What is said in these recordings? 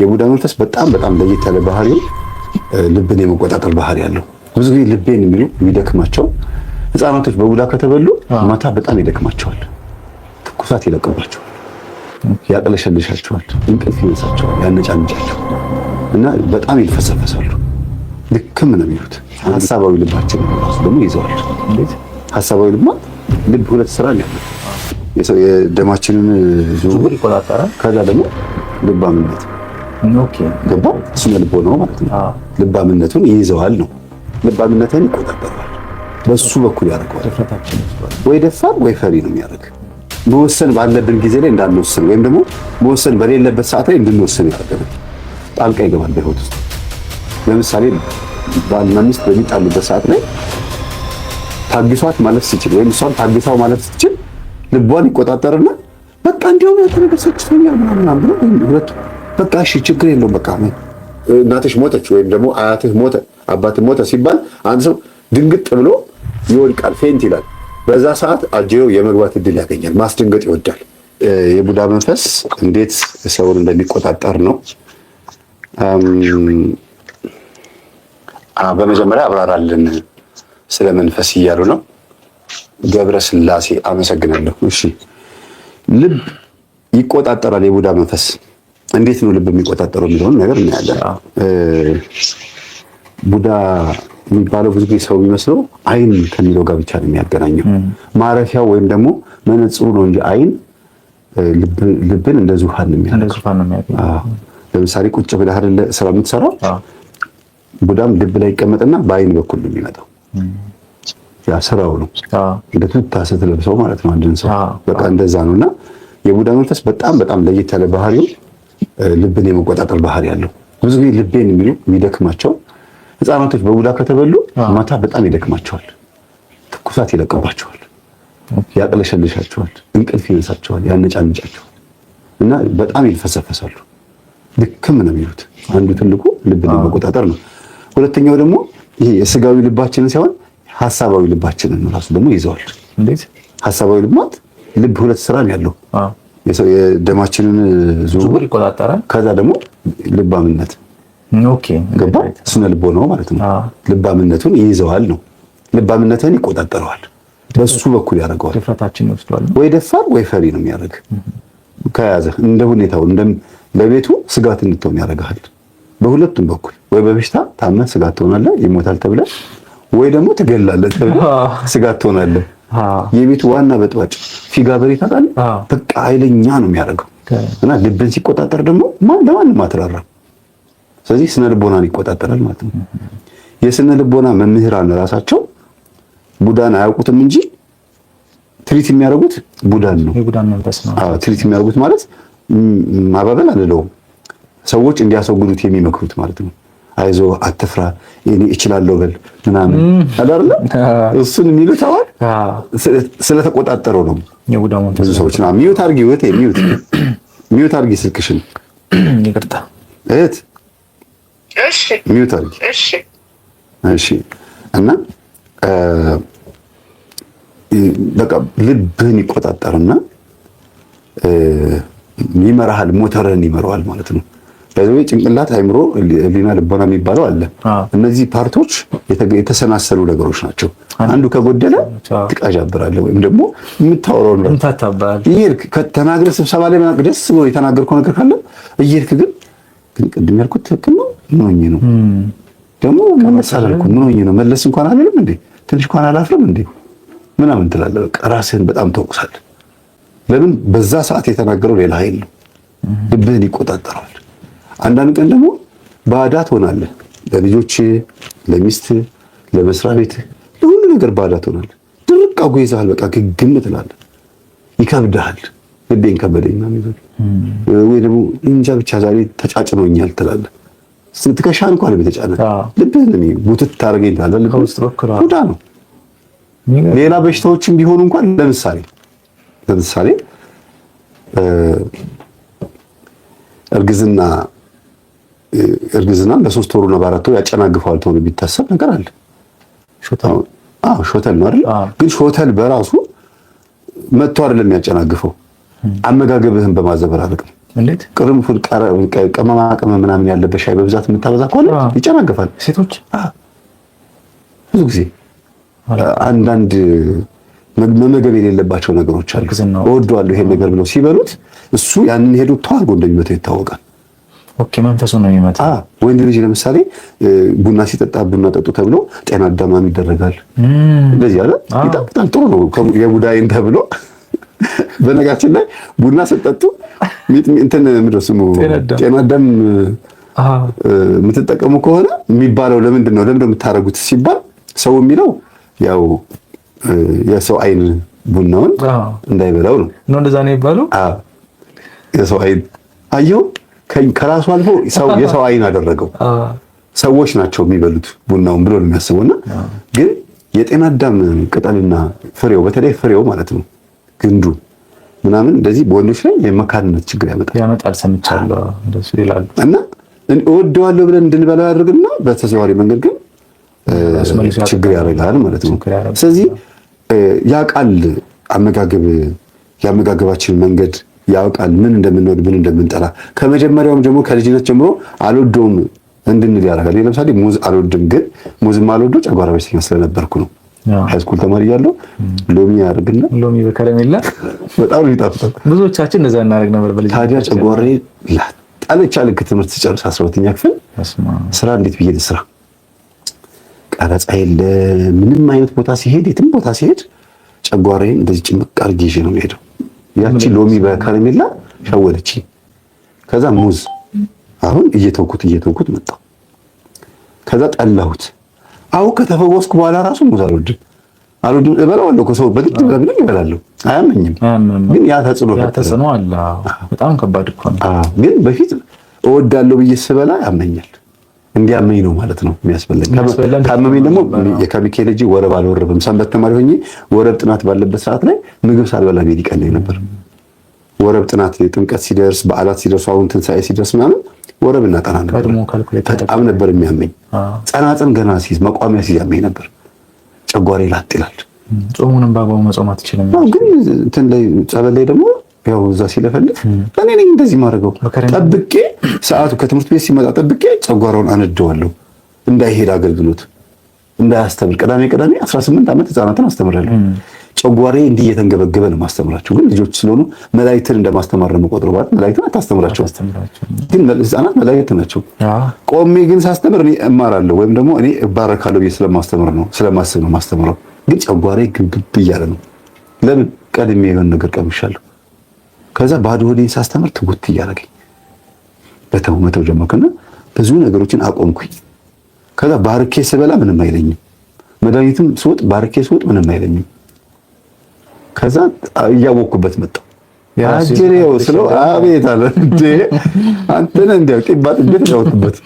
የቡዳ መንፈስ በጣም በጣም ለየት ያለ ባህሪው ልብን የመቆጣጠር ባህሪ ያለው። ብዙ ጊዜ ልቤን የሚሉ የሚደክማቸው ህፃናቶች በቡዳ ከተበሉ ማታ በጣም ይደክማቸዋል፣ ትኩሳት ይለቅባቸዋል፣ ያቅለሸልሻቸዋል፣ እንቅልፍ ይነሳቸዋል፣ ያነጫንጫቸው እና በጣም ይልፈሰፈሳሉ። ድክም ነው የሚሉት። ሀሳባዊ ልባቸው ራሱ ደግሞ ይዘዋል። ሀሳባዊ ልማ ልብ ሁለት ስራ ያለ የደማችንን ዝውውር ይቆጣጠራል። ከዛ ደግሞ ልባምነት ገባ እሱ ለልቦ ነው ማለት ነው። ልባምነቱን ይይዘዋል ነው ልባምነትን ይቆጣጠረዋል። በሱ በኩል ያደርገዋል። ወይ ደፋር ወይ ፈሪ ነው የሚያደርግ መወሰን ባለብን ጊዜ ላይ እንዳንወስን ወይም ደግሞ መወሰን በሌለበት ሰዓት ላይ እንድንወስን ያደርገናል። ጣልቃ ይገባል በህይወት ውስጥ። ለምሳሌ ባልና ሚስት በሚጣሉበት ሰዓት ላይ ታግሷት ማለት ሲችል ወይም እሷን ታግሳው ማለት ስትችል ልቧን ይቆጣጠርና በቃ እንዲያውም ያልተነገሰችቶኛል ምናምን ብሎ ወይም ሁለቱ በቃ እሺ ችግር የለውም በቃ እናትሽ ሞተች ወይም ደግሞ አያትህ ሞተ አባት ሞተ ሲባል አንድ ሰው ድንግጥ ብሎ ይወድቃል፣ ፌንት ይላል። በዛ ሰዓት አጀው የመግባት እድል ያገኛል። ማስደንገጥ ይወዳል። የቡዳ መንፈስ እንዴት ሰውን እንደሚቆጣጠር ነው በመጀመሪያ አብራራልን ስለ መንፈስ እያሉ ነው። ገብረ ስላሴ አመሰግናለሁ። እሺ ልብ ይቆጣጠራል የቡዳ መንፈስ እንዴት ነው ልብ የሚቆጣጠረው የሚለውን ነገር እናያለን። ቡዳ የሚባለው ብዙ ጊዜ ሰው የሚመስለው አይን ከሚለው ጋር ብቻ ነው የሚያገናኘው። ማረፊያው ወይም ደግሞ መነጽሩ ነው እንጂ አይን ልብን እንደ ዙፋን ነው የሚያደርገው። ለምሳሌ ቁጭ ብለህ አይደለ ስራ የምትሰራው፣ ቡዳም ልብ ላይ ይቀመጥና በአይን በኩል ነው የሚመጣው። ያ ስራው ነው፣ እንደ ቱታ ስትለብሰው ማለት ነው። አንድን ሰው በቃ እንደዛ ነው። እና የቡዳ መንፈስ በጣም በጣም ለየት ያለ ባህሪው ልብን የመቆጣጠር ባህሪ ያለው ብዙ ጊዜ ልቤን የሚሉ የሚደክማቸው ህፃናቶች በቡዳ ከተበሉ ማታ በጣም ይደክማቸዋል፣ ትኩሳት ይለቅባቸዋል፣ ያቅለሸልሻቸዋል፣ እንቅልፍ ይነሳቸዋል፣ ያነጫንጫቸዋል እና በጣም ይልፈሰፈሳሉ። ድክም ነው የሚሉት። አንዱ ትልቁ ልብን የመቆጣጠር ነው። ሁለተኛው ደግሞ ይሄ የስጋዊ ልባችንን ሳይሆን ሀሳባዊ ልባችንን ራሱ ደግሞ ይዘዋል። ሀሳባዊ ልማት ልብ ሁለት ስራ ነው ያለው የደማችንን ዝውውር ይቆጣጠራል። ከዛ ደግሞ ልባምነት ገባ ስነ ልቦ ነው ማለት ነው። ልባምነቱን ይይዘዋል ነው ልባምነትን ይቆጣጠረዋል። በሱ በኩል ያደርገዋል። ወይ ደፋር ወይ ፈሪ ነው የሚያደርግ ከያዘ እንደ ሁኔታው በቤቱ ስጋት እንድትሆን ያደርግሃል። በሁለቱም በኩል ወይ በበሽታ ታመህ ስጋት ትሆናለህ፣ ይሞታል ተብለህ፣ ወይ ደግሞ ትገላለህ ተብለህ ስጋት ትሆናለህ። የቤቱ ዋና በጥባጭ ፊጋ በሬ ታውቃለህ። በቃ ኃይለኛ ነው የሚያደርገው እና ልብን ሲቆጣጠር ደግሞ ማን ለማንም አትራራም። ስለዚህ ስነ ልቦናን ይቆጣጠራል ማለት ነው። የስነ ልቦና መምህራን ራሳቸው ቡዳን አያውቁትም እንጂ ትሪት የሚያደርጉት ቡዳን ነው። አዎ ትሪት የሚያደርጉት ማለት ማባበል አልለውም፣ ሰዎች እንዲያስወግዱት የሚመክሩት ማለት ነው። አይዞ አትፍራ፣ እኔ እችላለሁ በል ምናምን አላለ። እሱን የሚሉት አዋል ስለተቆጣጠረው ነው። ብዙ ሰዎች ሚዩት አርጊ፣ እህቴ ሚዩት ሚዩት አርጊ፣ ስልክሽን ይቅርታ፣ እህት ሚዩት አርጊ። እሺ። እና በቃ ልብህን ይቆጣጠርና ይመራሃል፣ ሞተርህን ይመራዋል ማለት ነው። በዚህ ጭንቅላት፣ አይምሮ፣ ሊና ልቦና የሚባለው አለ። እነዚህ ፓርቶች የተሰናሰሉ ነገሮች ናቸው። አንዱ ከጎደለ ትቃጃብራለ ወይም ደግሞ የምታወራውን እየሄድክ ከተናገረ ስብሰባ ላይ ደስ ብሎ የተናገርከው ነገር ካለ እየሄድክ ግን ግን ቅድም ያልኩት ትክክል ነው። ምን ሆኜ ነው ደግሞ መመለስ አላልኩም። ምን ሆኜ ነው መለስ እንኳን አልልም እንዴ ትንሽ እንኳን አላፍርም እንዴ ምናምን ትላለህ። በቃ ራስህን በጣም ተወቅሳለህ። ለምን በዛ ሰዓት የተናገረው ሌላ ኃይል ነው። ልብህን ይቆጣጠረዋል። አንዳንድ ቀን ደግሞ ባዳ ትሆናለህ። ለልጆች፣ ለሚስት፣ ለመስሪያ ቤት፣ ለሁሉ ነገር ባዳ ትሆናለህ። ድርቅ አጉይዛል። በቃ ግግም ትላለህ። ይከብድሃል። ልቤን ከበደኝ ምናምን ይበል ወይ ደግሞ እንጃ ብቻ ዛሬ ተጫጭኖኛል ትላለህ። ስትከሻ እንኳን በተጫነ ልብህን ነው ጉትት ታደርገኝ ትላለህ። ቡዳ ነው። ሌላ በሽታዎችም ቢሆኑ እንኳን ለምሳሌ ለምሳሌ እርግዝና እርግዝና በሶስት ወሩ ነው በአራት ወሩ ያጨናግፈዋል ተብሎ ቢታሰብ ነገር አለ። ሾተል ነው አይደል? ግን ሾተል በራሱ መጥቶ አይደለም ያጨናግፈው፣ አመጋገብህን በማዘበራረቅ እንዴት ቅርም ቅመማ ቅመም ምናምን ያለበት ሻይ በብዛት የምታበዛ ከሆነ ይጨናግፋል። ሴቶች ብዙ ጊዜ አንዳንድ መመገብ የሌለባቸው ነገሮች አሉ። እወደዋለሁ ይሄን ነገር ብለው ሲበሉት እሱ ያንን ሄዱ ተዋርጎ እንደሚመታው ይታወቃል። ኦኬ መንፈሱ ነው የሚመጣ። ወንድ ልጅ ለምሳሌ ቡና ሲጠጣ ቡና ጠጡ ተብሎ ጤና አዳማም ይደረጋል። እንደዚህ አለ ይጣፍጣል፣ ጥሩ ነው የቡዳይን ተብሎ በነጋችን ላይ ቡና ስጠጡ እንትን ምንድን ስሙ ጤና አዳም የምትጠቀሙ ከሆነ የሚባለው ለምንድን ነው ለምንድን የምታደርጉት ሲባል ሰው የሚለው ያው የሰው አይን ቡናውን እንዳይበላው ነው ነው እንደዛ ነው የሚባለው የሰው አይን አየው ከራሱ አልፎ የሰው አይን አደረገው። ሰዎች ናቸው የሚበሉት ቡናውን ብሎ ነው የሚያስበውና ግን የጤና አዳም ቅጠልና ፍሬው በተለይ ፍሬው ማለት ነው ግንዱ ምናምን እንደዚህ በወንዶች ላይ የመካንነት ችግር ያመጣል ያመጣል ሰምቻለሁ። እንደሱ ይላሉ እና እወደዋለሁ ብለን እንድንበላ ያደርግና በተዘዋዋሪ መንገድ ግን ችግር ያደርጋል ማለት ነው። ስለዚህ ያቃል አመጋገብ የአመጋገባችን መንገድ ያውቃል ምን እንደምንወድ ምን እንደምንጠላ። ከመጀመሪያውም ጀምሮ ከልጅነት ጀምሮ አልወደውም እንድንል ያደርጋል። ለምሳሌ ሙዝ አልወድም፣ ግን ሙዝ አልወደው ጨጓራ በሽተኛ ስለነበርኩ ነው። ሃይስኩል ተማሪ እያለሁ ሎሚ ያደርግና ሎሚ በከረሜላ በጣም ይጣፍጣል። ብዙዎቻችን እንደዛ እናደርግ ነበር። ታዲያ ጨጓሬ ጣለቻ። ልክ ትምህርት ስጨርስ አስራ ሁለተኛ ክፍል ስራ እንዴት ብዬ ስራ ቀረጻ የለ ምንም አይነት ቦታ ሲሄድ የትም ቦታ ሲሄድ ጨጓሬን እንደዚህ ጭምቅ አድርጌ ነው የምሄደው ያቺ ሎሚ በከረሜላ ሸወደች። ከዛ ሙዝ አሁን እየተውኩት እየተውኩት መጣ። ከዛ ጠላሁት። አሁን ከተፈወስኩ በኋላ ራሱ ሙዝ አልወድም አልወድም እበላለሁ እኮ ሰው በግድ በግድ እበላለሁ፣ አያመኝም። ግን ያ ተጽዕኖ ተጽዕኖ አለ። በጣም ከባድ እኮ ነው። ግን በፊት እወዳለሁ ብዬ ስበላ ያመኛል። እንዲያመኝ ነው ማለት ነው የሚያስፈልግ። ካመመኝ ደግሞ ከሚካኤል እጅ ወረብ አልወረብም። ሰንበት ተማሪ ሆኜ ወረብ ጥናት ባለበት ሰዓት ላይ ምግብ ሳልበላ መሄድ ይቀለኝ ነበር። ወረብ ጥናት ጥምቀት ሲደርስ፣ በዓላት ሲደርሱ፣ አሁን ትንሳኤ ሲደርስ ምናምን ወረብ እናጠና ነበር። በጣም ነበር የሚያመኝ። ጸናጽን ገና ሲይዝ መቋሚያ ሲይዝ ያመኝ ነበር። ጨጓሬ ላጥ ይላል። ጾሙንም በአግባቡ መጾም አትችልም። ግን እንትን ላይ ጸበል ላይ ደግሞ ያው እዛ ሲለፈልፍ እኔ ነኝ እንደዚህ ማድረገው። ጠብቄ ሰዓቱ ከትምህርት ቤት ሲመጣ ጠብቄ ጨጓራውን አነደዋለሁ እንዳይሄድ አገልግሎት እንዳያስተምር። ቅዳሜ ቅዳሜ 18 ዓመት ህፃናትን አስተምራለሁ። ጨጓሬ እንዲህ እየተንገበገበ ነው ማስተምራቸው። ግን ልጆች ስለሆኑ መላእክትን እንደማስተማር ነው የምቆጥረው። ባት መላእክትን አታስተምራቸው፣ ግን ህፃናት መላእክት ናቸው። ቆሜ ግን ሳስተምር እኔ እማራለሁ ወይም ደግሞ እኔ እባረካለሁ ብዬ ስለማስተምር ነው ስለማስብ ነው ማስተምረው። ግን ጨጓሬ ግብግብ እያለ ነው። ለምን ቀድሜ የሆነ ነገር ቀምሻለሁ። ከዛ ባዶ ሆዴን ሳስተምር ትጉት እያደረገኝ መተው ጀመርኩና ብዙ ነገሮችን አቆምኩኝ። ከዛ ባርኬ ስበላ ምንም አይለኝም። መድኃኒትም ስወጥ ባርኬ ስወጥ ምንም አይለኝም። ከዛ እያወቅኩበት መጣሁ። አጀሬው ስለ አቤት አለ። እንዴ አንተን እንዲያው ቂባ ጥቤ ተጫወትኩበት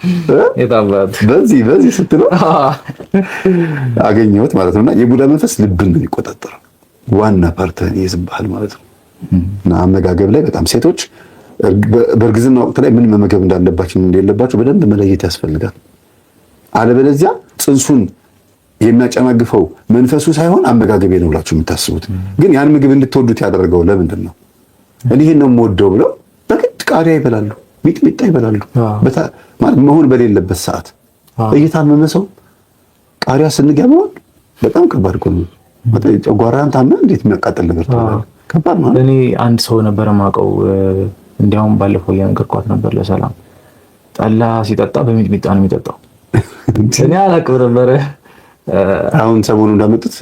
በዚህ በዚህ ስትለው አገኘሁት ማለት ነውና የቡዳ መንፈስ ልብን ነው የሚቆጣጠረው ዋና ፓርትህን ይዝብሃል ማለት ነው። እና አመጋገብ ላይ በጣም ሴቶች በእርግዝና ወቅት ላይ ምን መመገብ እንዳለባቸው እንደሌለባቸው በደንብ መለየት ያስፈልጋል። አለበለዚያ ጽንሱን የሚያጨናግፈው መንፈሱ ሳይሆን አመጋገቤ ነው ብላችሁ የምታስቡት ግን ያን ምግብ እንድትወዱት ያደረገው ለምንድን ነው? እኒህን ነው የምወደው ብለው በግድ ቃሪያ ይበላሉ፣ ሚጥሚጣ ይበላሉ። መሆን በሌለበት ሰዓት እየታመመ ሰው ቃሪያ ስንገባውን በጣም ከባድ እኮ ነው። ጨጓራህን እንዴት የሚያቃጥል ነገር ከባድ ማለት እኔ አንድ ሰው ነበር የማውቀው። እንዲያውም ባለፈው እየነገርኳት ነበር ለሰላም ጠላ ሲጠጣ በሚጥሚጣ ነው የሚጠጣው። እኔ አላቅም ነበረ። አሁን ሰሞኑ እንዳመጡት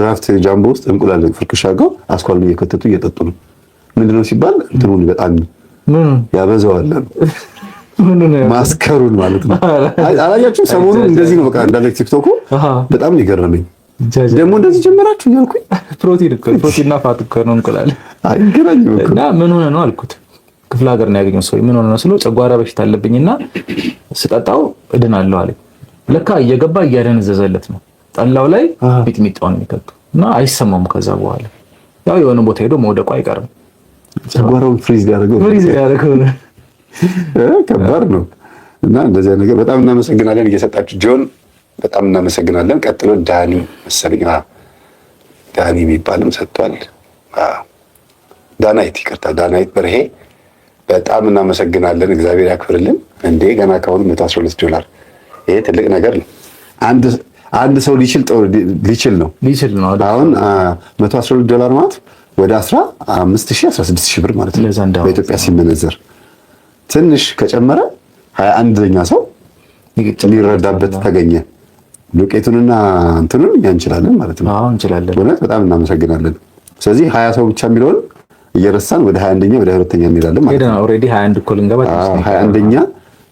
ድራፍት ጃምቦ ውስጥ እንቁላል ፍርክሻ ጋር አስኳሉን እየከተቱ እየጠጡ ነው። ምንድነው ሲባል እንትኑን ይበጣል፣ ያበዛዋል፣ ማስከሩን ማለት ነው። አላያችሁ? ሰሞኑን እንደዚህ ነው በቃ እንዳለ ቲክቶኩ በጣም ይገረመኝ። ደግሞ እንደዚህ ጀመራችሁ እያልኩኝ ፕሮቲን እኮ ፕሮቲን እና ፋት እኮ ነው እንቁላል እና ምን ሆነ ነው አልኩት። ክፍለ ሀገር ነው ያገኘው ሰው ምን ሆነ ነው ስለው ጨጓራ በሽታ አለብኝና ስጠጣው እድናለሁ አለኝ። ለካ እየገባ እያደነዘዘለት ነው ጠላው ላይ ሚጥሚጣውን የሚከቱ እና አይሰማም። ከዛ በኋላ ያው የሆነ ቦታ ሄዶ መውደቁ አይቀርም። ጨጓራውን ፍሪዝ ያደረገው ፍሪዝ ያደረገው ከባድ ነው እና እንደዚህ ነገር በጣም እናመሰግናለን እየሰጣችሁ ጆን በጣም እናመሰግናለን። ቀጥሎ ዳኒ መሰለኝ ዳኒ የሚባልም ሰጥቷል። ዳናይት ይቅርታ፣ ዳናይት በርሄ በጣም እናመሰግናለን። እግዚአብሔር ያክብርልን። እንዴ ገና ከሆኑ መ ሁለት ዶላር ይሄ ትልቅ ነገር ነው። አንድ ሰው ሊችል ሊችል ነው ሊችል ነው። አሁን መቶ ዶላር ማለት ወደ አስራ አምስት ሺህ አስራ ስድስት ብር ማለት ነው በኢትዮጵያ ሲመነዘር ትንሽ ከጨመረ ሀያ አንደኛ ሰው ሊረዳበት ተገኘ። ዱቄቱንና እንትኑን እኛ እንችላለን ማለት ነው። እንችላለን። እውነት በጣም እናመሰግናለን። ስለዚህ ሀያ ሰው ብቻ የሚለውን እየረሳን ወደ ሀያ አንደኛ ወደ ሁለተኛ እንሄዳለን ማለት ነው። ኦልሬዲ ሀያ አንድ እኮ ልንገባ። ሀያ አንደኛ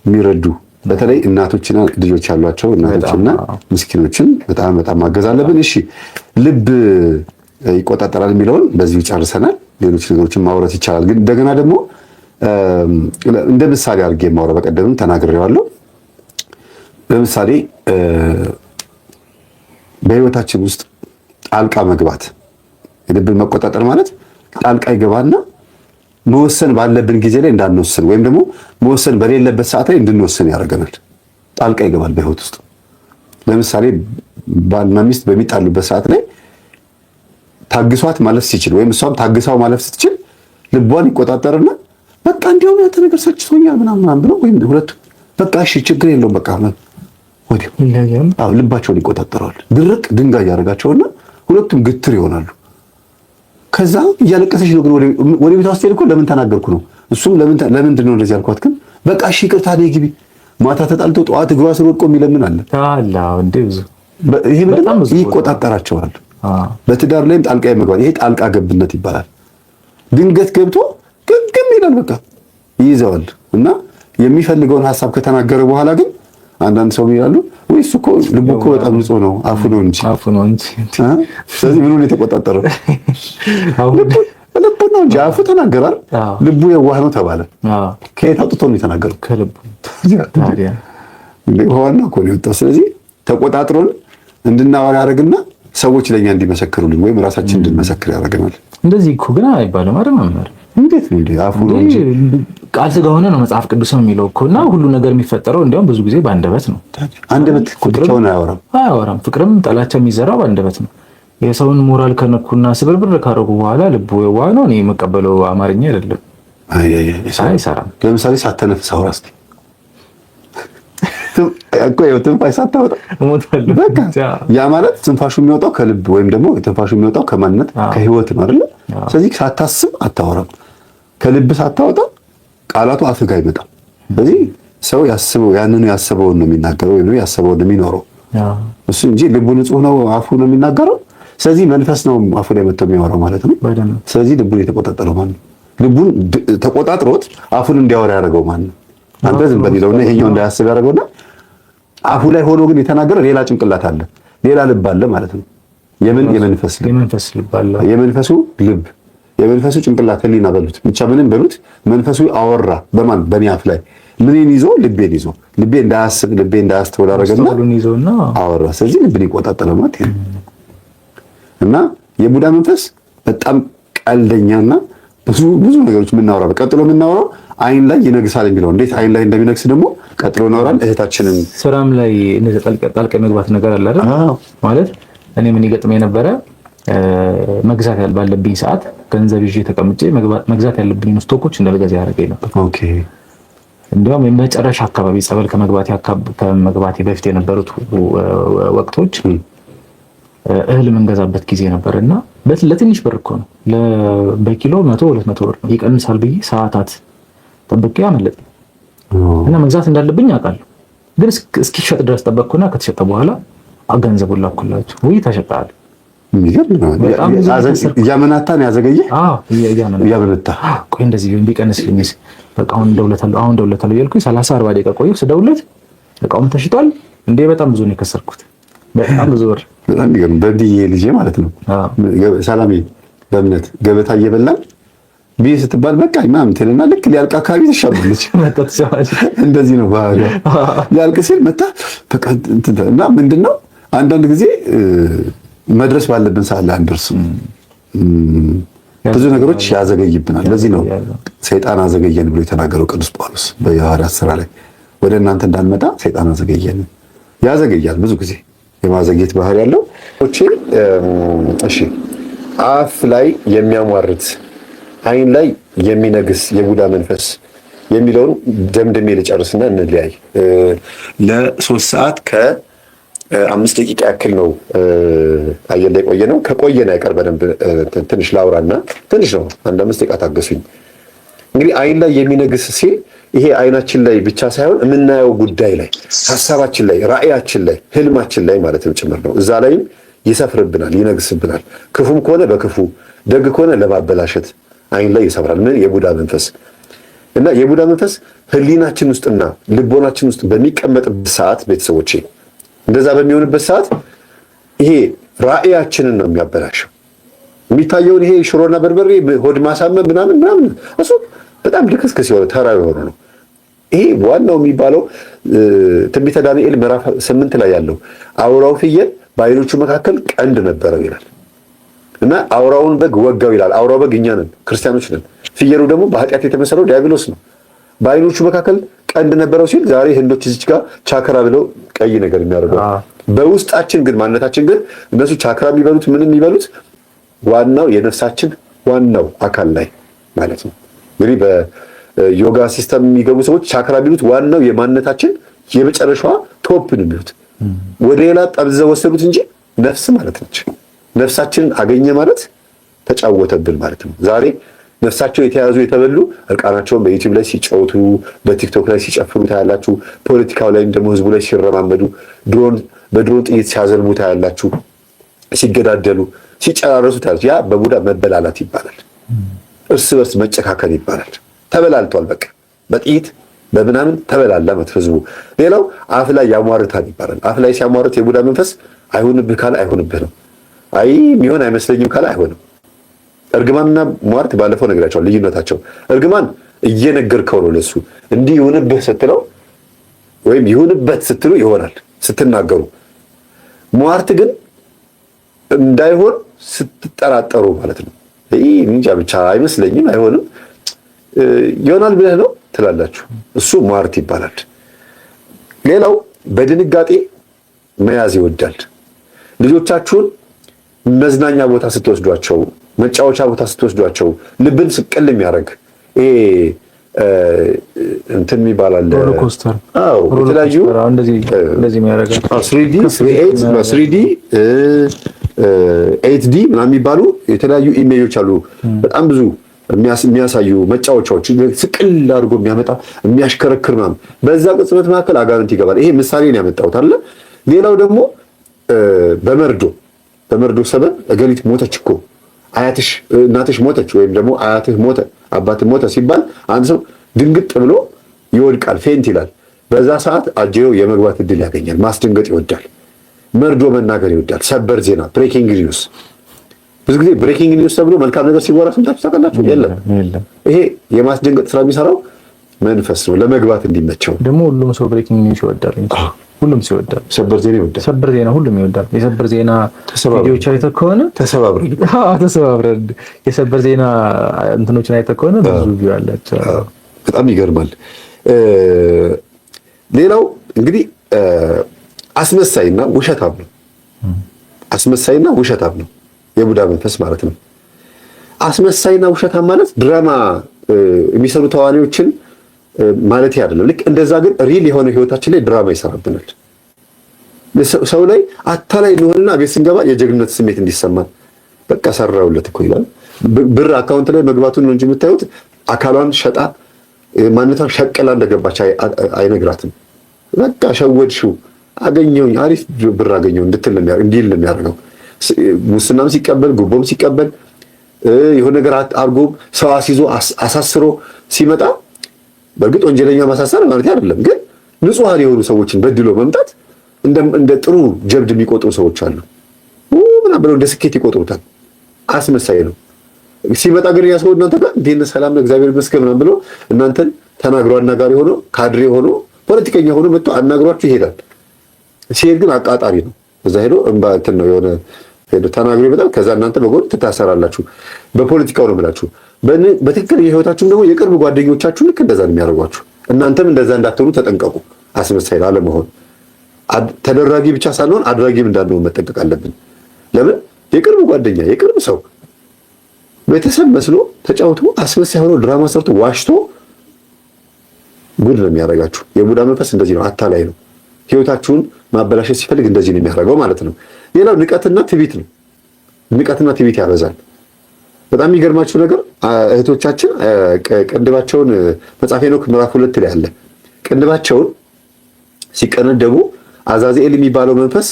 የሚረዱ በተለይ እናቶችና ልጆች ያሏቸው እናቶችና ምስኪኖችን በጣም በጣም ማገዝ አለብን። እሺ ልብ ይቆጣጠራል የሚለውን በዚሁ ጨርሰናል። ሌሎች ነገሮችን ማውረት ይቻላል፣ ግን እንደገና ደግሞ እንደ ምሳሌ አድርጌ ማውረ በቀደምም ተናግሬዋለሁ። ለምሳሌ በህይወታችን ውስጥ ጣልቃ መግባት የልብን መቆጣጠር ማለት ጣልቃ ይገባና መወሰን ባለብን ጊዜ ላይ እንዳንወስን ወይም ደግሞ መወሰን በሌለበት ሰዓት ላይ እንድንወስን ያደርገናል። ጣልቃ ይገባል በህይወት ውስጥ። ለምሳሌ ባልና ሚስት በሚጣሉበት ሰዓት ላይ ታግሷት ማለፍ ሲችል ወይም እሷም ታግሳው ማለፍ ስትችል ልቧን ይቆጣጠርና በቃ እንዲያውም ያንተ ነገር ሰችቶኛል ምናምን ምናምን ወይም ሁለቱ በቃ እሺ ችግር የለውም በቃ ልባቸውን ይቆጣጠረዋል። ድርቅ ድንጋይ ያደርጋቸውና ሁለቱም ግትር ይሆናሉ። ከዛ እያለቀሰች ነው ግን ወደ ቤቷ ስትሄድ እኮ ለምን ተናገርኩ ነው። እሱም ለምንድን ነው እንደዚህ ያልኳት ግን በቃ እሺ ይቅርታ ነይ ግቢ። ማታ ተጣልቶ ጠዋት እግሯ ስር ወድቆ የሚለምን አለ። ይህ ምንድን ነው? ይቆጣጠራቸዋል። በትዳር ላይም ጣልቃ መግባት ይሄ ጣልቃ ገብነት ይባላል። ድንገት ገብቶ ግግም ይላል። በቃ ይይዘዋል እና የሚፈልገውን ሀሳብ ከተናገረ በኋላ ግን አንዳንድ ሰው ይላሉ ወይ እሱ እኮ ልቡ እኮ በጣም ንጹህ ነው፣ አፉ ነው እንጂ አፉ ነው እንጂ። ስለዚህ ምኑን የተቆጣጠረው ልቡ ነው እንጂ አፉ ተናገራል። ልቡ የዋህ ነው ተባለ። ከየት አውጥቶ ነው የተናገረው? ከልቡ ዋና እኮ ነው የወጣው። ስለዚህ ተቆጣጥሮን እንድናወራ ያደርግና ሰዎች ለእኛ እንዲመሰክሩልን ወይም ራሳችን እንድንመሰክር ያደርገናል። እንደዚህ እኮ ግን አይባልም አይደል መምህር እንዴት ቃል ስጋ ሆነ ነው መጽሐፍ ቅዱስ ነው የሚለው እኮ እና ሁሉ ነገር የሚፈጠረው እንዲያውም ብዙ ጊዜ በአንደበት ነው። አንደበት ብቻውን አያወራም አያወራም። ፍቅርም ጠላቻ የሚዘራው በአንደበት ነው። የሰውን ሞራል ከነኩና ስብርብር ካረጉ በኋላ ልቡ የዋ ነው። እኔ የምቀበለው አማርኛ አይደለም አይሰራም። ለምሳሌ ሳተነፍስ አውራ እስኪ ትንፋሽ ሳታወጣ ያ ማለት ትንፋሹ የሚወጣው ከልብ ወይም ደግሞ ትንፋሹ የሚወጣው ከማንነት ከህይወት ነው አይደለ? ስለዚህ ሳታስብ አታወራም። ከልብ ሳታወጣ ቃላቱ አፍ ጋር አይመጣም። ስለዚህ ሰው ያስበው ያንኑ ያስበውን ነው የሚናገረው ወይም ያስበውን ነው የሚኖረው እሱ እንጂ ልቡ ንጹህ ነው አፉ ነው የሚናገረው። ስለዚህ መንፈስ ነው አፉ ላይ መጥቶ የሚያወራው ማለት ነው። ስለዚህ ልቡን የተቆጣጠረው ማን ነው? ልቡን ተቆጣጥሮት አፉን እንዲያወራ ያደረገው ማን ነው? አንተ ዝም በሊለውና ይሄኛው እንዳያስብ ያደረገውና አፉ ላይ ሆኖ ግን የተናገረ ሌላ ጭንቅላት አለ፣ ሌላ ልብ አለ ማለት ነው። የምን የመንፈስ ልብ የመንፈሱ ልብ የመንፈሱ ጭንቅላት ህሊና በሉት ብቻ ምንም በሉት መንፈሱ አወራ በማን በእኔ አፍ ላይ ምንን ይዞ ልቤን ይዞ ልቤ እንዳያስብ ልቤ እንዳያስተውል አረገና አወራ ስለዚህ ልብን ይቆጣጠረ ማለት ነው እና የቡዳ መንፈስ በጣም ቀልደኛና ብዙ ብዙ ነገሮች የምናወራ ቀጥሎ የምናወራው አይን ላይ ይነግሳል የሚለው እንዴት አይን ላይ እንደሚነግስ ደግሞ ቀጥሎ እናወራል። እህታችንን ስራም ላይ ጣልቃ የመግባት ነገር አለ ማለት እኔ ምን ይገጥመኝ ነበረ መግዛት ባለብኝ ሰዓት ገንዘብ ይዤ ተቀምጬ መግዛት ያለብኝ ስቶኮች እንዳልገዛ ያደረገኝ ነበር። እንዲሁም የመጨረሻ አካባቢ ጸበል ከመግባቴ በፊት የነበሩት ወቅቶች እህል የምንገዛበት ጊዜ ነበር እና ለትንሽ ብር እኮ ነው በኪሎ መቶ ሁለት መቶ ብር ነው ይቀንሳል ብዬ ሰዓታት ጠብቄ አመለጥ እና መግዛት እንዳለብኝ አውቃለሁ፣ ግን እስኪሸጥ ድረስ ጠበቅኩና ከተሸጠ በኋላ ገንዘቡን ላኩላቸው። ውይ ተሸጠሃል እያመናታን ያዘገየ እያመነታ ቆይ እንደዚህ ቢሆን ቢቀንስልኝስ? በቃ አሁን እደውለታለሁ አሁን እደውለታለሁ እያልኩኝ ሰላሳ አርባ ደቂቃ ቆየሁ። ስደውለት እቃውም ተሽጧል እንዴ! በጣም ብዙ ነው የከሰርኩት። በጣም ብዙ ብር በብዬ ልጄ ማለት ነው። ሰላሜ በእምነት ገበታ እየበላን ቢህ ስትባል በቃ ምናምን ትልና ልክ ሊያልቅ አካባቢ ትሻላለች። እንደዚህ ነው ባህሪዋ። ሊያልቅ ሲል መታ እና ምንድን ነው አንዳንድ ጊዜ መድረስ ባለብን ሰዓት ላይ አንደርስም። ብዙ ነገሮች ያዘገይብናል። ለዚህ ነው ሰይጣን አዘገየን ብሎ የተናገረው ቅዱስ ጳውሎስ በሐዋርያት ስራ ላይ ወደ እናንተ እንዳንመጣ ሰይጣን አዘገየን። ያዘገያል፣ ብዙ ጊዜ የማዘግየት ባህሪ ያለው እሺ። አፍ ላይ የሚያሟርት አይን ላይ የሚነግስ የቡዳ መንፈስ የሚለውን ደምድሜ ልጨርስና እንለያይ ለሶስት ሰዓት ከ አምስት ደቂቃ ያክል ነው አየር ላይ ቆየ ነው ከቆየን አይቀር በደንብ ትንሽ ላውራና ትንሽ ነው አንድ አምስት ደቂቃ ታገሱኝ። እንግዲህ አይን ላይ የሚነግስ ሲል ይሄ አይናችን ላይ ብቻ ሳይሆን የምናየው ጉዳይ ላይ ሀሳባችን ላይ ራእያችን ላይ ህልማችን ላይ ማለትም ጭምር ነው። እዛ ላይም ይሰፍርብናል፣ ይነግስብናል። ክፉም ከሆነ በክፉ ደግ ከሆነ ለማበላሸት አይን ላይ ይሰፍራል። ምን የቡዳ መንፈስ እና የቡዳ መንፈስ ህሊናችን ውስጥና ልቦናችን ውስጥ በሚቀመጥበት ሰዓት ቤተሰቦቼ እንደዛ በሚሆንበት ሰዓት ይሄ ራእያችንን ነው የሚያበላሸው። የሚታየውን ይሄ ሽሮና በርበሬ ሆድ ማሳመን ምናምን ምናምን እሱ በጣም ልክስክስ የሆነ ተራ የሆነ ነው። ይሄ ዋናው የሚባለው ትንቢተ ዳንኤል ምዕራፍ ስምንት ላይ ያለው አውራው ፍየል በአይኖቹ መካከል ቀንድ ነበረው ይላል እና አውራውን በግ ወጋው ይላል። አውራው በግ እኛ ነን፣ ክርስቲያኖች ነን። ፍየሉ ደግሞ በኃጢአት የተመሰለው ዲያብሎስ ነው። በአይኖቹ መካከል ቀንድ ነበረው ሲል ዛሬ ህንዶች እዚች ጋር ቻክራ ብለው ቀይ ነገር የሚያደርገው በውስጣችን ግን ማንነታችን ግን እነሱ ቻክራ የሚበሉት ምን የሚበሉት ዋናው የነፍሳችን ዋናው አካል ላይ ማለት ነው። እንግዲህ በዮጋ ሲስተም የሚገቡ ሰዎች ቻክራ የሚሉት ዋናው የማንነታችን የመጨረሻዋ ቶፕን የሚሉት ወደ ሌላ ጠብዘ ወሰዱት እንጂ ነፍስ ማለት ነች። ነፍሳችንን አገኘ ማለት ተጫወተብን ማለት ነው ዛሬ ነፍሳቸው የተያዙ የተበሉ እርቃናቸውን በዩቲዩብ ላይ ሲጫወቱ በቲክቶክ ላይ ሲጨፍሩ ታያላችሁ። ፖለቲካው ላይ ደግሞ ህዝቡ ላይ ሲረማመዱ፣ በድሮን ጥይት ሲያዘልሙ ታያላችሁ። ሲገዳደሉ፣ ሲጨራረሱ ታያላችሁ። ያ በቡዳ መበላላት ይባላል። እርስ በርስ መጨካከል ይባላል። ተበላልቷል። በቃ በጥይት በምናምን ተበላላ መት ህዝቡ። ሌላው አፍ ላይ ያሟርታል ይባላል። አፍ ላይ ሲያሟርት የቡዳ መንፈስ አይሁንብህ ካለ አይሁንብህ ነው። አይ የሚሆን አይመስለኝም ካለ አይሆንም እርግማንና ሟርት ባለፈው ነግራቸዋል፣ ልዩነታቸው። እርግማን እየነገርከው ነው ለሱ እንዲህ ይሁንብህ ስትለው ወይም ይሁንበት ስትሉ ይሆናል ስትናገሩ። ሟርት ግን እንዳይሆን ስትጠራጠሩ ማለት ነው። እንጃ ብቻ አይመስለኝም፣ አይሆንም፣ ይሆናል ብለህ ነው ትላላችሁ። እሱ ሟርት ይባላል። ሌላው በድንጋጤ መያዝ ይወዳል። ልጆቻችሁን መዝናኛ ቦታ ስትወስዷቸው መጫወቻ ቦታ ስትወስዷቸው ልብን ስቅል የሚያደርግ ይሄ እንትን የሚባላል የተለያዩ ስሪዲ ምናምን የሚባሉ የተለያዩ ኢሜጆች አሉ። በጣም ብዙ የሚያሳዩ መጫወቻዎች ስቅል አድርጎ የሚያመጣ የሚያሽከረክር ምናምን በዛ ቅጽበት መካከል አጋንንት ይገባል። ይሄ ምሳሌ ነው ያመጣሁት አለ። ሌላው ደግሞ በመርዶ በመርዶ ሰበብ እገሊት ሞተች እኮ አያትሽ እናትሽ ሞተች ወይም ደግሞ አያትህ ሞተ አባት ሞተ ሲባል አንድ ሰው ድንግጥ ብሎ ይወድቃል፣ ፌንት ይላል። በዛ ሰዓት አጀው የመግባት እድል ያገኛል። ማስደንገጥ ይወዳል፣ መርዶ መናገር ይወዳል። ሰበር ዜና፣ ብሬኪንግ ኒውስ። ብዙ ጊዜ ብሬኪንግ ኒውስ ተብሎ መልካም ነገር ሲወራ ስንታችሁ ታውቃላችሁ? የለም። ይሄ የማስደንገጥ ስራ የሚሰራው መንፈስ ነው፣ ለመግባት እንዲመቸው። ደግሞ ሁሉም ሰው ብሬኪንግ ኒውስ ይወዳል። ሁሉም ሰው ይወዳል። ሰበር ዜና ይወዳል። ሰበር ዜና ሁሉም ይወዳል። የሰበር ዜና ቪዲዮዎች አይተህ ከሆነ ተሰባብረ አዎ ተሰባብረን የሰበር ዜና እንትኖችን አይተህ ከሆነ ብዙ ቪው አላቸው። በጣም ይገርማል። ሌላው እንግዲህ አስመሳይና ውሸታም ነው። አስመሳይና ውሸታም ነው። የቡዳ መንፈስ ማለት ነው። አስመሳይና ውሸታም ማለት ድራማ የሚሰሩ ተዋናዮችን ማለት አይደለም። ልክ እንደዛ ግን ሪል የሆነ ህይወታችን ላይ ድራማ ይሰራብናል። ሰው ላይ አታላይ እንሆንና ቤት ስንገባ የጀግንነት ስሜት እንዲሰማን በቃ ሰራውለት እኮ ይላል። ብር አካውንት ላይ መግባቱን ነው እንጂ የምታዩት አካሏን ሸጣ ማንነቷን ሸቀላ እንደገባች አይነግራትም። በቃ ሸወድሽው፣ አገኘውኝ፣ አሪፍ ብር አገኘው እንድትል እንዲል ነው የሚያደርገው። ሙስናም ሲቀበል ጉቦም ሲቀበል የሆነ ነገር አርጎ ሰው አስይዞ አሳስሮ ሲመጣ በእርግጥ ወንጀለኛ ማሳሰር ማለት አይደለም፣ ግን ንጹሐን የሆኑ ሰዎችን በድሎ መምጣት እንደ ጥሩ ጀብድ የሚቆጥሩ ሰዎች አሉ። ምና ብለው እንደ ስኬት ይቆጥሩታል። አስመሳይ ነው። ሲመጣ ግን ያ ሰው እናንተ ጋር እንዴት ሰላም ነው እግዚአብሔር ይመስገን ምናምን ብሎ እናንተን ተናግሮ አናጋሪ ሆኖ ካድሬ ሆኖ ፖለቲከኛ ሆኖ መጥቶ አናግሯችሁ ይሄዳል። ሲሄድ ግን አቃጣሪ ነው። እዛ ሄዶ እምባ እንትን ነው የሆነ ሄዶ ተናግሮ ይመጣል። ከዛ እናንተ በጎን ትታሰራላችሁ። በፖለቲካው ነው ብላችሁ በትክክል ህይወታችሁም ደግሞ የቅርብ ጓደኞቻችሁ ልክ እንደዛ ነው የሚያደርጓችሁ። እናንተም እንደዛ እንዳትሆኑ ተጠንቀቁ። አስመሳይ ላለመሆን ተደራጊ ብቻ ሳንሆን አድራጊም እንዳንሆን መጠንቀቅ አለብን። ለምን የቅርብ ጓደኛ የቅርብ ሰው ቤተሰብ መስሎ ተጫውቶ አስመሳይ ሆኖ ድራማ ሰርቶ ዋሽቶ ጉድ ነው የሚያደርጋችሁ። የቡዳ መንፈስ እንደዚህ ነው፣ አታላይ ነው። ህይወታችሁን ማበላሸት ሲፈልግ እንደዚህ ነው የሚያደርገው ማለት ነው። ሌላው ንቀትና ትቢት ነው። ንቀትና ትቢት ያበዛል። በጣም የሚገርማችሁ ነገር እህቶቻችን ቅንድባቸውን መጽሐፈ ሄኖክ ምዕራፍ ሁለት ላይ አለ። ቅንድባቸውን ሲቀነደቡ አዛዚኤል የሚባለው መንፈስ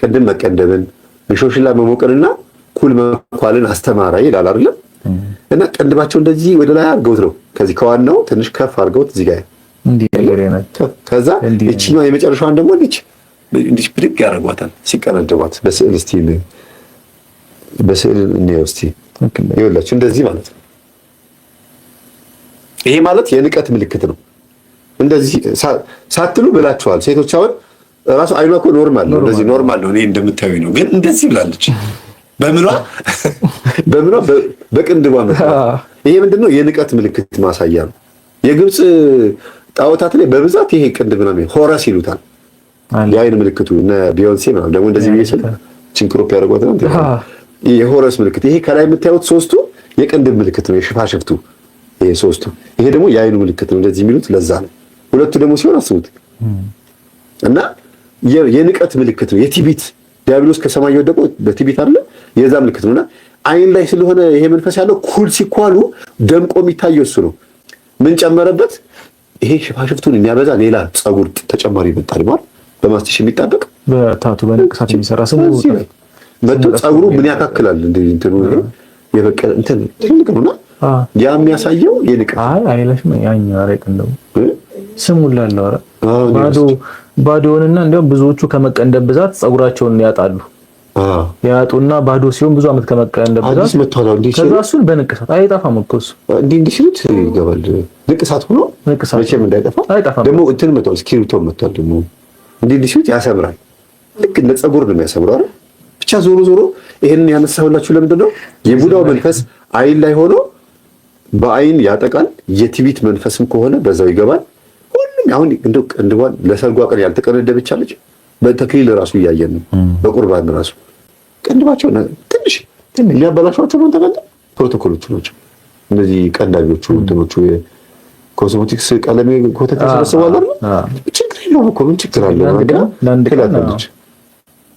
ቅንድብ መቀንደብን እንሾሽላ መሞቅንና ኩል መኳልን አስተማረ ይላል አይደለም። እና ቅንድባቸው እንደዚህ ወደ ላይ አድርገውት ነው ከዚህ ከዋናው ትንሽ ከፍ አድርገውት እዚህ ጋር ከዛ እቺኛ የመጨረሻዋን ደግሞ ልጅ እንዲች ብድግ ያደርጓታል ሲቀነደቧት በስዕል እስቲ በስዕል እንየው እስቲ ይኸውላችሁ እንደዚህ ማለት ነው። ይሄ ማለት የንቀት ምልክት ነው። እንደዚህ ሳትሉ ብላችኋል። ሴቶች አሁን ራሱ አይኗ እኮ ኖርማል ነው፣ እንደዚህ ኖርማል ነው። እኔ እንደምታዩ ነው፣ ግን እንደዚህ ብላለች። በምኗ በምኗ በቅንድቧ ነው። ይሄ ምንድነው? የንቀት ምልክት ማሳያ ነው። የግብፅ ጣዖታት ላይ በብዛት ይሄ ቅንድብ ነው፣ ሆረስ ይሉታል። የአይን ምልክቱ እነ ቢዮንሴ ምናምን ደግሞ እንደዚህ ብዬ ስል ችንክሮፕ ያደርጓት ነው የሆረስ ምልክት ይሄ ከላይ የምታዩት ሶስቱ የቅንድብ ምልክት ነው፣ የሽፋሽፍቱ ይሄ ሶስቱ። ይሄ ደግሞ የአይኑ ምልክት ነው፣ እንደዚህ የሚሉት ለዛ ነው። ሁለቱ ደግሞ ሲሆን አስቡት እና የንቀት ምልክት ነው፣ የቲቢት ዲያብሎስ ከሰማይ የወደቀው በቲቢት አለ፣ የዛ ምልክት ነውና አይን ላይ ስለሆነ ይሄ መንፈስ ያለው ኩል ሲኳሉ ደምቆ የሚታየው እሱ ነው። ምን ጨመረበት? ይሄ ሽፋሽፍቱን የሚያበዛ ሌላ ጸጉር ተጨማሪ ይመጣል ማለት በማስቲሽ የሚጣበቅ በታቱ በነቅሳት የሚሰራ ሰው መቶ ጸጉሩ ምን ያካክላል እንዴ እንትኑ የበቀለ እንትን ትልቅ ነውና ያ የሚያሳየው የንቀት አይ አይለሽም ያኛው አረቅ እንደው ስሙ ላለው አረ ባዶ ባዶውንና እንደው ብዙዎቹ ከመቀንደብ ብዛት ጸጉራቸውን ያጣሉ። ያጡና ባዶ ሲሆን ብዙ አመት ከመቀንደብ ብዛት ከዛ እሱን በንቅሳት አይጠፋም እኮ እሱ እንዴ እንዲህ ሲሉት ይገባል። ንቅሳት ሆኖ ንቅሳት መቼም እንዳይጠፋ ደግሞ እንትን መቷል፣ እስክሪብቶ መቷል። ደግሞ እንዴ እንዲህ ሲሉት ያሰምራል። ልክ እንደ ጸጉር ነው የሚያሰምረው አይደል ብቻ ዞሮ ዞሮ ይህንን ያነሳሁላችሁ ለምንድን ነው የቡዳው መንፈስ አይን ላይ ሆኖ በአይን ያጠቃል። የትቢት መንፈስም ከሆነ በዛው ይገባል። ሁሉም አሁን እንድዋን ለሰርጓ ቀን ያልተቀነደበች አለች። በተክሊል ራሱ እያየን ነው። በቁርባን ራሱ ቀንድባቸው ትንሽ የሚያበላሿቸው ነው ተቀንደ ፕሮቶኮሎቹ ናቸው እነዚህ ቀንዳቢዎቹ እንትኖቹ ኮስሞቲክስ ቀለም ኮተት ተሰበሰባለ ችግር የለውም እኮ ምን ችግር አለ? ክላታለች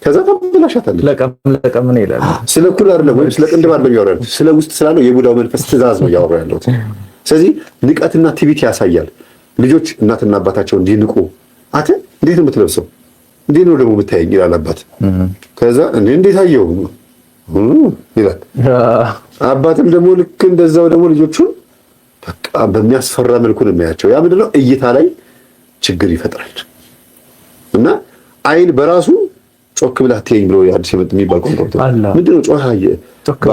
ከዛ ታበላሻታለች። ለቀም ለቀም ነው ይላል። ስለ ኩል አይደለም ወይም ስለ ቅንድብ አይደለም ያወራል፣ ስለ ውስጥ ስላለው የቡዳው መንፈስ ትእዛዝ ነው እያወራ ያለሁት። ስለዚህ ንቀትና ትዕቢት ያሳያል። ልጆች እናትና አባታቸው እንዲንቁ፣ አተ እንዴት ነው የምትለብሰው? እንዴት ነው ደግሞ የምታየኝ? ይላል አባት። ከዛ እኔ እንዴት አየው ይላል አባትም ደግሞ ልክ እንደዛው ደግሞ ልጆቹን በቃ በሚያስፈራ መልኩ ነው የሚያቸው ያ ምንድነው እይታ ላይ ችግር ይፈጥራል እና አይን በራሱ ጮክ ብላ ብሎ አዲስ ዓመት የሚባል ቋንቋ ምንድን ነው?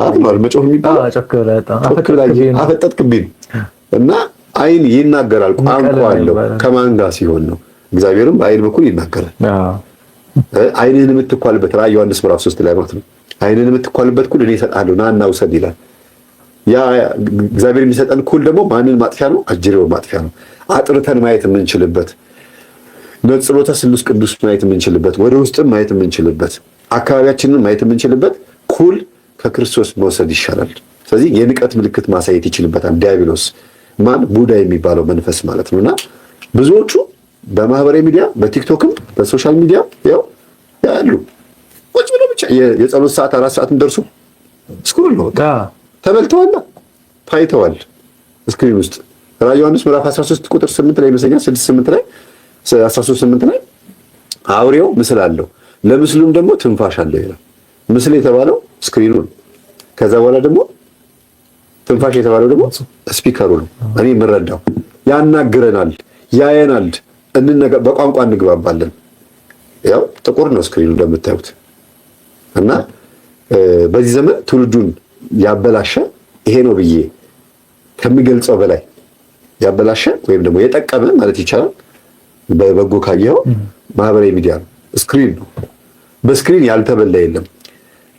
አየህ መጮህ አፈጠጥክብኝ እና አይን ይናገራል። ቋንቋ አለው። ከማን ጋር ሲሆን ነው? እግዚአብሔርም በአይን በኩል ይናገራል። አይንህን የምትኳልበት ራዕየ ዮሐንስ ምዕራፍ ላይ ማለት ነው። አይንህን የምትኳልበት ኩል እኔ እሰጥሃለሁ፣ ና እና ውሰድ ይላል። ያ እግዚአብሔር የሚሰጠን ኩል ደግሞ ማንን ማጥፊያ ነው? አጅሬውን ማጥፊያ ነው። አጥርተን ማየት የምንችልበት በጸሎተ ስሉስ ቅዱስ ማየት የምንችልበት ወደ ውስጥም ማየት የምንችልበት አካባቢያችንን ማየት የምንችልበት ኩል ከክርስቶስ መውሰድ ይሻላል። ስለዚህ የንቀት ምልክት ማሳየት ይችልበታል ዲያብሎስ ማን ቡዳ የሚባለው መንፈስ ማለት እና ብዙዎቹ በማህበራዊ ሚዲያ በቲክቶክም በሶሻል ሚዲያ ያው ያሉ ቁጭ ብሎ ብቻ የጸሎት ሰዓት አራት ሰዓትም ደርሱ ስኩል ነው ተበልተዋል፣ ታይተዋል። እስክሪን ውስጥ ራዕየ ዮሐንስ ምዕራፍ 13 ቁጥር 8 ላይ መሰኛ 68 ላይ 13 ላይ አውሬው ምስል አለው ለምስሉም ደግሞ ትንፋሽ አለው ይላል። ምስል የተባለው ስክሪኑ ነው። ከዛ በኋላ ደግሞ ትንፋሽ የተባለው ደግሞ ስፒከሩ ነው። እኔ የምረዳው ያናግረናል፣ ያየናል፣ በቋንቋ እንግባባለን። ያው ጥቁር ነው ስክሪኑ እንደምታዩት እና በዚህ ዘመን ትውልዱን ያበላሸ ይሄ ነው ብዬ ከሚገልጸው በላይ ያበላሸ ወይም ደግሞ የጠቀመ ማለት ይቻላል በበጎ ካየው ማህበራዊ ሚዲያ ነው፣ ስክሪን ነው። በስክሪን ያልተበላ የለም።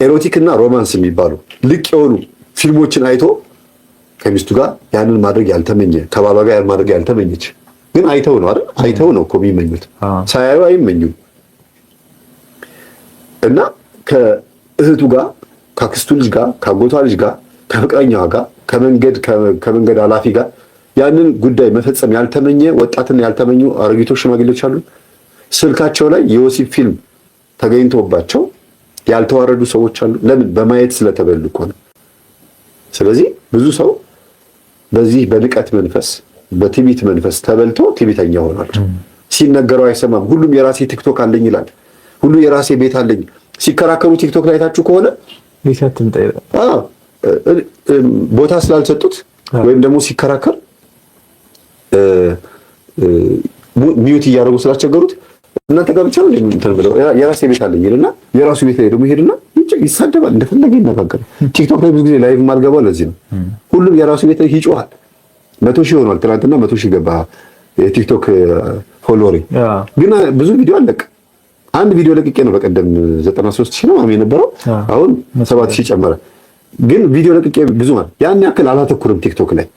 ኤሮቲክ እና ሮማንስ የሚባሉ ልቅ የሆኑ ፊልሞችን አይቶ ከሚስቱ ጋር ያንን ማድረግ ያልተመኘ ከባሏ ጋር ያንን ማድረግ ያልተመኘች ግን አይተው ነው አይደል? አይተው ነው እኮ የሚመኙት፣ ሳያዩ አይመኙም። እና ከእህቱ ጋር ከአክስቱ ልጅ ጋር ከአጎቷ ልጅ ጋር ከፍቅረኛዋ ጋር ከመንገድ ከመንገድ ኃላፊ ጋር ያንን ጉዳይ መፈጸም ያልተመኘ ወጣትን ያልተመኙ አሮጊቶች፣ ሽማግሌዎች አሉ። ስልካቸው ላይ የወሲብ ፊልም ተገኝቶባቸው ያልተዋረዱ ሰዎች አሉ። ለምን? በማየት ስለተበሉ እኮ ነው። ስለዚህ ብዙ ሰው በዚህ በንቀት መንፈስ በትቢት መንፈስ ተበልቶ ትቢተኛ ሆኗል። ሲነገረው አይሰማም። ሁሉም የራሴ ቲክቶክ አለኝ ይላል። ሁሉ የራሴ ቤት አለኝ። ሲከራከሩ ቲክቶክ ላይ ታችሁ ከሆነ ቦታ ስላልሰጡት ወይም ደግሞ ሲከራከር ሚዩት እያደረጉ ስላስቸገሩት እናንተ ጋር ብቻ ነው እንትን ብለው የራሴ ቤት አለኝ ይልና የራሱ ቤት ላይ ደግሞ ይሄድና ይሳደባል፣ እንደፈለገ ይነጋገራል። ቲክቶክ ላይ ብዙ ጊዜ ላይቭ ማልገባው ለዚህ ነው። ሁሉም የራሱ ቤት ላይ ይጮሃል። መቶ ሺህ ሆኗል። ትናንትና መቶ ሺህ ገባ የቲክቶክ ፎሎወሪ። ግን ብዙ ቪዲዮ አለቅ አንድ ቪዲዮ ለቅቄ ነው በቀደም 93 ሺህ ነው አሜ የነበረው አሁን 7 ሺህ ጨመረ። ግን ቪዲዮ ለቅቄ ብዙ ማለት ያን ያክል አላተኩርም ቲክቶክ ላይ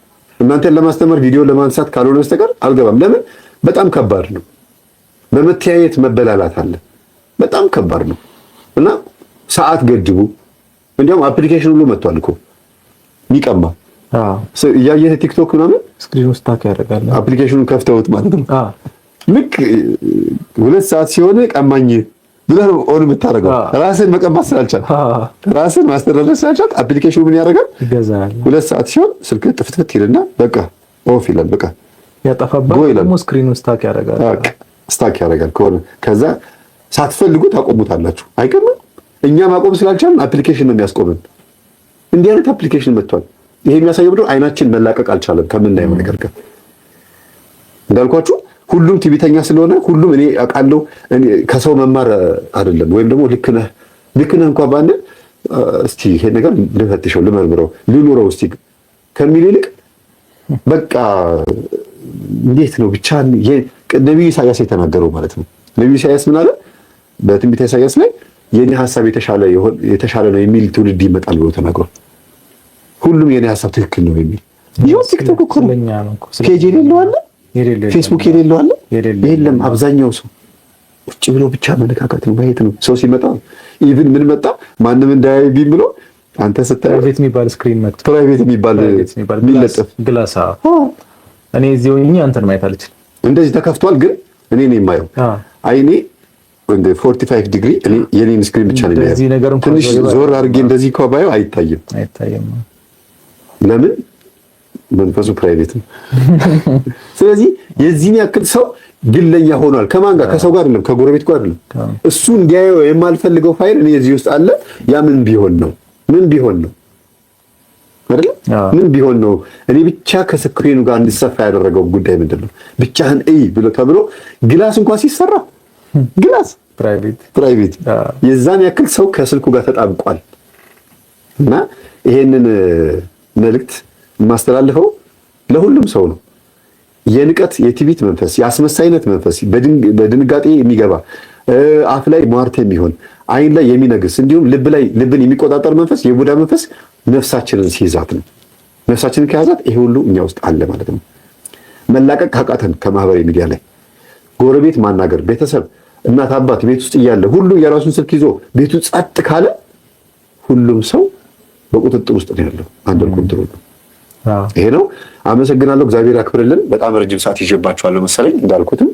እናንተን ለማስተማር ቪዲዮ ለማንሳት ካልሆነ በስተቀር አልገባም። ለምን በጣም ከባድ ነው። በመተያየት መበላላት አለ። በጣም ከባድ ነው እና ሰዓት ገድቡ። እንዲያውም አፕሊኬሽን ሁሉ መጥቷል እኮ ሚቀማ እያየህ ቲክቶክ ምናምን ስክሪን ስታክ ያደርጋል። አፕሊኬሽኑን ከፍተውት ማለት ነው ልክ ሁለት ሰዓት ሲሆን ቀማኝ ብለህ ነው ኦን የምታደርገው። ራስን መቀባት ስላልቻል ራስን ማስተዳደር ስላልቻል አፕሊኬሽኑ ምን ያደርጋል? ሁለት ሰዓት ሲሆን ስልክ ጥፍትፍት ይልና በቃ ኦፍ ይላል። በቃ ያጠፋባል። ስክሪኑ ስታክ ያደርጋል። ስታክ ያደርጋል ከሆነ ከዛ ሳትፈልጉ ታቆሙታላችሁ። አይቀርም። እኛ ማቆም ስላልቻልን አፕሊኬሽን ነው የሚያስቆምን። እንዲህ አይነት አፕሊኬሽን መጥቷል። ይሄ የሚያሳየው አይናችን መላቀቅ አልቻለም ከምናየው ነገር ጋር እንዳልኳችሁ ሁሉም ትዕቢተኛ ስለሆነ ሁሉም እኔ አውቃለሁ ከሰው መማር አይደለም ወይም ደግሞ ልክ ነህ ልክ ነህ እንኳን ባንል እስቲ ይሄ ነገር ልፈትሸው፣ ልመርምረው፣ ልኑረው እስቲ ከሚል ይልቅ በቃ እንዴት ነው ብቻ ነቢዩ ኢሳያስ የተናገረው ማለት ነው። ነቢዩ ኢሳያስ ምን አለ? በትንቢተ ኢሳያስ ላይ የኔ ሀሳብ የተሻለ ነው የሚል ትውልድ ይመጣል ብሎ ተናግሯል። ሁሉም የኔ ሀሳብ ትክክል ነው የሚል ይኸው ቲክቶክ እኮ ነው ፔጅ የሌለው አለ ፌስቡክ የሌለው አለ የለም። አብዛኛው ሰው ውጭ ብሎ ብቻ መነካካት ነው ማየት ነው። ሰው ሲመጣ ኢቭን ምን መጣ ማንም እንዳያይ ቢም ብሎ አንተ ስታይ ፕራይቬት የሚባል ስክሪን መጥቶ ፕራይቬት የሚባል የሚለጠፍ ግላሳ እኔ እዚህ ሆኜ አንተን ማየት አልችልም። እንደዚህ ተከፍቷል፣ ግን እኔ ነው የማየው። አይኔ እንደ 45 ዲግሪ እኔ የኔን ስክሪን ብቻ ነው የሚያየው። ትንሽ ዞር አድርጌ እንደዚህ እኮ አይታይም አይታይም። ለምን መንፈሱ ፕራይቬት ነው። ስለዚህ የዚህን ያክል ሰው ግለኛ ሆኗል። ከማን ጋር? ከሰው ጋር አይደለም፣ ከጎረቤት ጋር አይደለም። እሱ እንዲያየው የማልፈልገው ፋይል እኔ እዚህ ውስጥ አለ። ያ ምን ቢሆን ነው? ምን ቢሆን ነው አይደል? ምን ቢሆን ነው? እኔ ብቻ ከስክሪኑ ጋር እንድሰፋ ያደረገው ጉዳይ ምንድን ነው? ብቻህን እይ ብሎ ተብሎ ግላስ እንኳን ሲሰራ ግላስ ፕራይቬት፣ የዛን ያክል ሰው ከስልኩ ጋር ተጣብቋል። እና ይሄንን መልእክት የማስተላልፈው ለሁሉም ሰው ነው። የንቀት የትቢት መንፈስ፣ የአስመሳይነት መንፈስ በድንጋጤ የሚገባ አፍ ላይ ሟርት የሚሆን አይን ላይ የሚነግስ እንዲሁም ልብ ላይ ልብን የሚቆጣጠር መንፈስ የቡዳ መንፈስ ነፍሳችንን ሲይዛት ነው። ነፍሳችንን ከያዛት ይሄ ሁሉ እኛ ውስጥ አለ ማለት ነው። መላቀቅ ካቃተን ከማህበራዊ ሚዲያ ላይ ጎረቤት ማናገር፣ ቤተሰብ፣ እናት አባት ቤት ውስጥ እያለ ሁሉ የራሱን ስልክ ይዞ ቤቱ ጸጥ ካለ ሁሉም ሰው በቁጥጥር ውስጥ ነው ያለው። አንደር ኮንትሮል ነው። ይሄ ነው። አመሰግናለሁ። እግዚአብሔር አክብርልን በጣም ረጅም ሰዓት ይዤባችኋለሁ መሰለኝ እንዳልኩትም